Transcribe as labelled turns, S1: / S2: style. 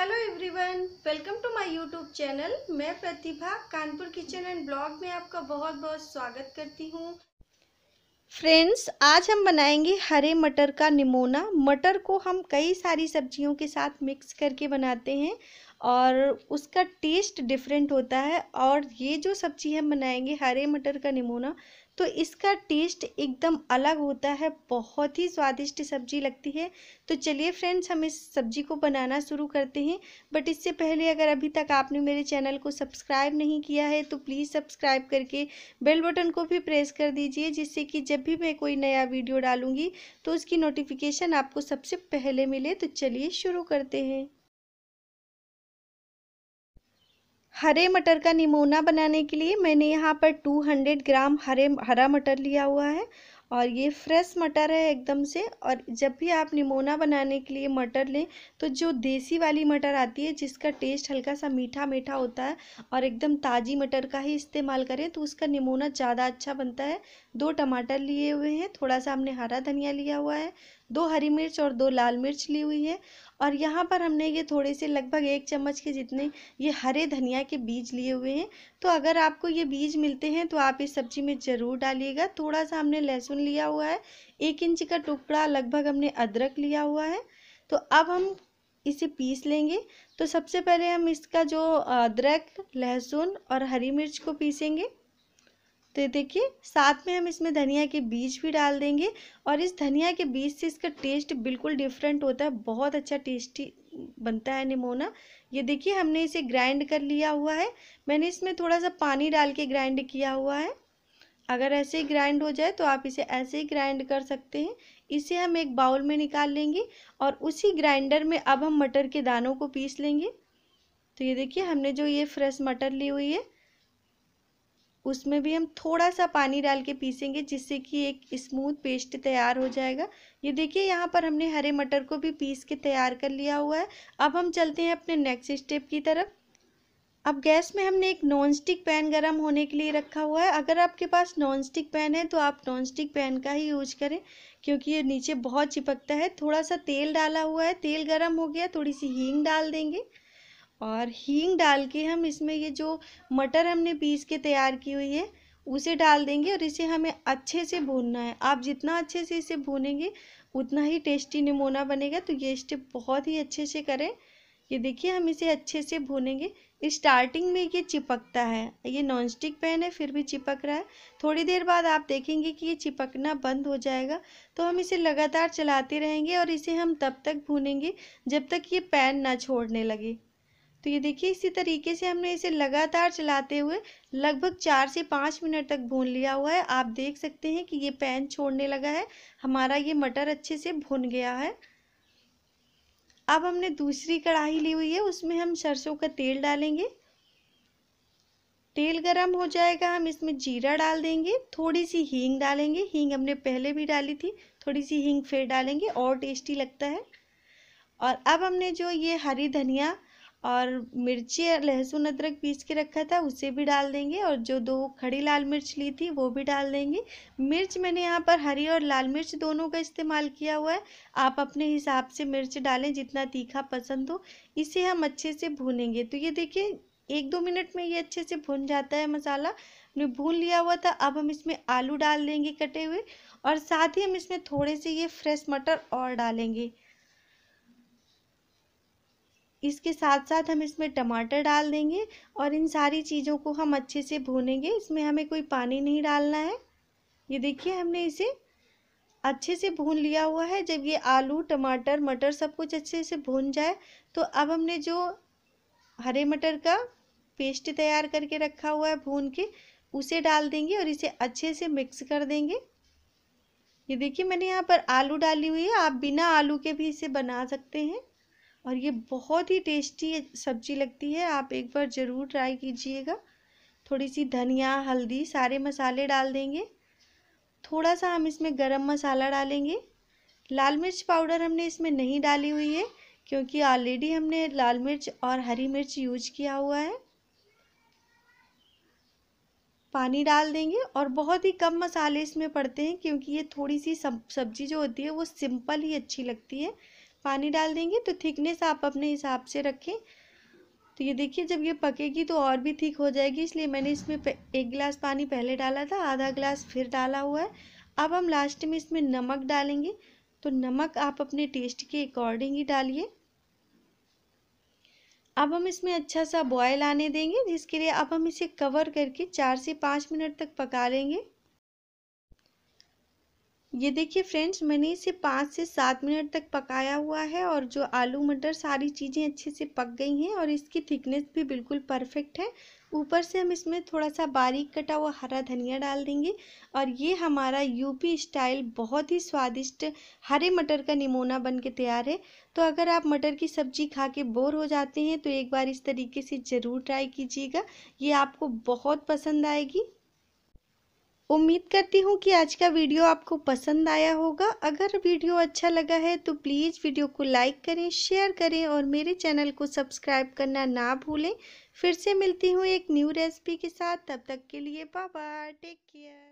S1: hello everyone welcome to my YouTube channel मैं Pratibha Kanpur kitchen and blog में आपका बहुत बहुत स्वागत करती हूँ फ्रेंड्स आज हम बनाएंगे हरे मटर का निमोना मटर को हम कई सारी सब्जियों के साथ मिक्स करके बनाते हैं और उसका टेस्ट डिफरेंट होता है और ये जो सब्जी हम बनाएंगे हरे मटर का निमोना तो इसका टेस्ट एकदम अलग होता है बहुत ही स्वादिष्ट सब्जी लगती है तो चलिए फ्रेंड्स हम इस सब्जी को बनाना शुरू करते हैं बट इससे पहले अगर अभी तक आपने मेरे चैनल को सब्सक्राइब नहीं किया है तो प्लीज़ सब्सक्राइब करके बेल बटन को भी प्रेस कर दीजिए जिससे कि जब भी मैं कोई नया वीडियो डालूँगी तो उसकी नोटिफिकेशन आपको सबसे पहले मिले तो चलिए शुरू करते हैं हरे मटर का निमोना बनाने के लिए मैंने यहाँ पर 200 ग्राम हरे हरा मटर लिया हुआ है और ये फ्रेश मटर है एकदम से और जब भी आप निमोना बनाने के लिए मटर लें तो जो देसी वाली मटर आती है जिसका टेस्ट हल्का सा मीठा मीठा होता है और एकदम ताज़ी मटर का ही इस्तेमाल करें तो उसका निमोना ज़्यादा अच्छा बनता है दो टमाटर लिए हुए हैं थोड़ा सा हमने हरा धनिया लिया हुआ है दो हरी मिर्च और दो लाल मिर्च ली हुई है और यहाँ पर हमने ये थोड़े से लगभग एक चम्मच के जितने ये हरे धनिया के बीज लिए हुए हैं तो अगर आपको ये बीज मिलते हैं तो आप इस सब्जी में ज़रूर डालिएगा थोड़ा सा हमने लहसुन लिया हुआ है एक इंच का टुकड़ा लगभग हमने अदरक लिया हुआ है तो अब हम इसे पीस लेंगे तो सबसे पहले हम इसका जो अदरक लहसुन और हरी मिर्च को पीसेंगे तो देखिए साथ में हम इसमें धनिया के बीज भी डाल देंगे और इस धनिया के बीज से इसका टेस्ट बिल्कुल डिफरेंट होता है बहुत अच्छा टेस्टी बनता है निमोना ये देखिए हमने इसे ग्राइंड कर लिया हुआ है मैंने इसमें थोड़ा सा पानी डाल के ग्राइंड किया हुआ है अगर ऐसे ही ग्राइंड हो जाए तो आप इसे ऐसे ही ग्राइंड कर सकते हैं इसे हम एक बाउल में निकाल लेंगे और उसी ग्राइंडर में अब हम मटर के दानों को पीस लेंगे तो ये देखिए हमने जो ये फ्रेश मटर ली हुई है उसमें भी हम थोड़ा सा पानी डाल के पीसेंगे जिससे कि एक स्मूथ पेस्ट तैयार हो जाएगा ये देखिए यहाँ पर हमने हरे मटर को भी पीस के तैयार कर लिया हुआ है अब हम चलते हैं अपने नेक्स्ट स्टेप की तरफ अब गैस में हमने एक नॉन स्टिक पैन गरम होने के लिए रखा हुआ है अगर आपके पास नॉन स्टिक पैन है तो आप नॉन स्टिक पैन का ही यूज करें क्योंकि ये नीचे बहुत चिपकता है थोड़ा सा तेल डाला हुआ है तेल गर्म हो गया थोड़ी सी हींग डाल देंगे और हींग डाल के हम इसमें ये जो मटर हमने पीस के तैयार की हुई है उसे डाल देंगे और इसे हमें अच्छे से भूनना है आप जितना अच्छे से इसे भूनेंगे उतना ही टेस्टी निमोना बनेगा तो ये स्टेप बहुत ही अच्छे से करें ये देखिए हम इसे अच्छे से भूनेंगे स्टार्टिंग में ये चिपकता है ये नॉनस्टिक पैन है फिर भी चिपक रहा है थोड़ी देर बाद आप देखेंगे कि ये चिपकना बंद हो जाएगा तो हम इसे लगातार चलाते रहेंगे और इसे हम तब तक भूनेंगे जब तक ये पैन ना छोड़ने लगे तो ये देखिए इसी तरीके से हमने इसे लगातार चलाते हुए लगभग चार से पाँच मिनट तक भून लिया हुआ है आप देख सकते हैं कि ये पैन छोड़ने लगा है हमारा ये मटर अच्छे से भुन गया है अब हमने दूसरी कढ़ाई ली हुई है उसमें हम सरसों का तेल डालेंगे तेल गरम हो जाएगा हम इसमें जीरा डाल देंगे थोड़ी सी हींग डालेंगे हींग हमने पहले भी डाली थी थोड़ी सी हींग फिर डालेंगे और टेस्टी लगता है और अब हमने जो ये हरी धनिया और मिर्ची लहसुन अदरक पीस के रखा था उसे भी डाल देंगे और जो दो खड़ी लाल मिर्च ली थी वो भी डाल देंगे मिर्च मैंने यहाँ पर हरी और लाल मिर्च दोनों का इस्तेमाल किया हुआ है आप अपने हिसाब से मिर्च डालें जितना तीखा पसंद हो इसे हम अच्छे से भूनेंगे तो ये देखिए एक दो मिनट में ये अच्छे से भुन जाता है मसाला हमने भून लिया हुआ था अब हम इसमें आलू डाल देंगे कटे हुए और साथ ही हम इसमें थोड़े से ये फ्रेश मटर और डालेंगे इसके साथ साथ हम इसमें टमाटर डाल देंगे और इन सारी चीज़ों को हम अच्छे से भूनेंगे इसमें हमें कोई पानी नहीं डालना है ये देखिए हमने इसे अच्छे से भून लिया हुआ है जब ये आलू टमाटर मटर सब कुछ अच्छे से भून जाए तो अब हमने जो हरे मटर का पेस्ट तैयार करके रखा हुआ है भून के उसे डाल देंगे और इसे अच्छे से मिक्स कर देंगे ये देखिए मैंने यहाँ पर आलू डाली हुई है आप बिना आलू के भी इसे बना सकते हैं और ये बहुत ही टेस्टी सब्जी लगती है आप एक बार ज़रूर ट्राई कीजिएगा थोड़ी सी धनिया हल्दी सारे मसाले डाल देंगे थोड़ा सा हम इसमें गरम मसाला डालेंगे लाल मिर्च पाउडर हमने इसमें नहीं डाली हुई है क्योंकि ऑलरेडी हमने लाल मिर्च और हरी मिर्च यूज किया हुआ है पानी डाल देंगे और बहुत ही कम मसाले इसमें पड़ते हैं क्योंकि ये थोड़ी सी सब्जी जो होती है वो सिंपल ही अच्छी लगती है पानी डाल देंगे तो थिकनेस आप अपने हिसाब से रखें तो ये देखिए जब ये पकेगी तो और भी थिक हो जाएगी इसलिए मैंने इसमें एक गिलास पानी पहले डाला था आधा गिलास फिर डाला हुआ है अब हम लास्ट में इसमें नमक डालेंगे तो नमक आप अपने टेस्ट के अकॉर्डिंग ही डालिए अब हम इसमें अच्छा सा बॉयल आने देंगे जिसके लिए अब हम इसे कवर करके चार से पाँच मिनट तक पका लेंगे ये देखिए फ्रेंड्स मैंने इसे पाँच से सात मिनट तक पकाया हुआ है और जो आलू मटर सारी चीज़ें अच्छे से पक गई हैं और इसकी थिकनेस भी बिल्कुल परफेक्ट है ऊपर से हम इसमें थोड़ा सा बारीक कटा हुआ हरा धनिया डाल देंगे और ये हमारा यूपी स्टाइल बहुत ही स्वादिष्ट हरे मटर का निमोना बन के तैयार है तो अगर आप मटर की सब्ज़ी खा के बोर हो जाते हैं तो एक बार इस तरीके से ज़रूर ट्राई कीजिएगा ये आपको बहुत पसंद आएगी उम्मीद करती हूँ कि आज का वीडियो आपको पसंद आया होगा अगर वीडियो अच्छा लगा है तो प्लीज़ वीडियो को लाइक करें शेयर करें और मेरे चैनल को सब्सक्राइब करना ना भूलें फिर से मिलती हूँ एक न्यू रेसिपी के साथ तब तक के लिए बाबा टेक केयर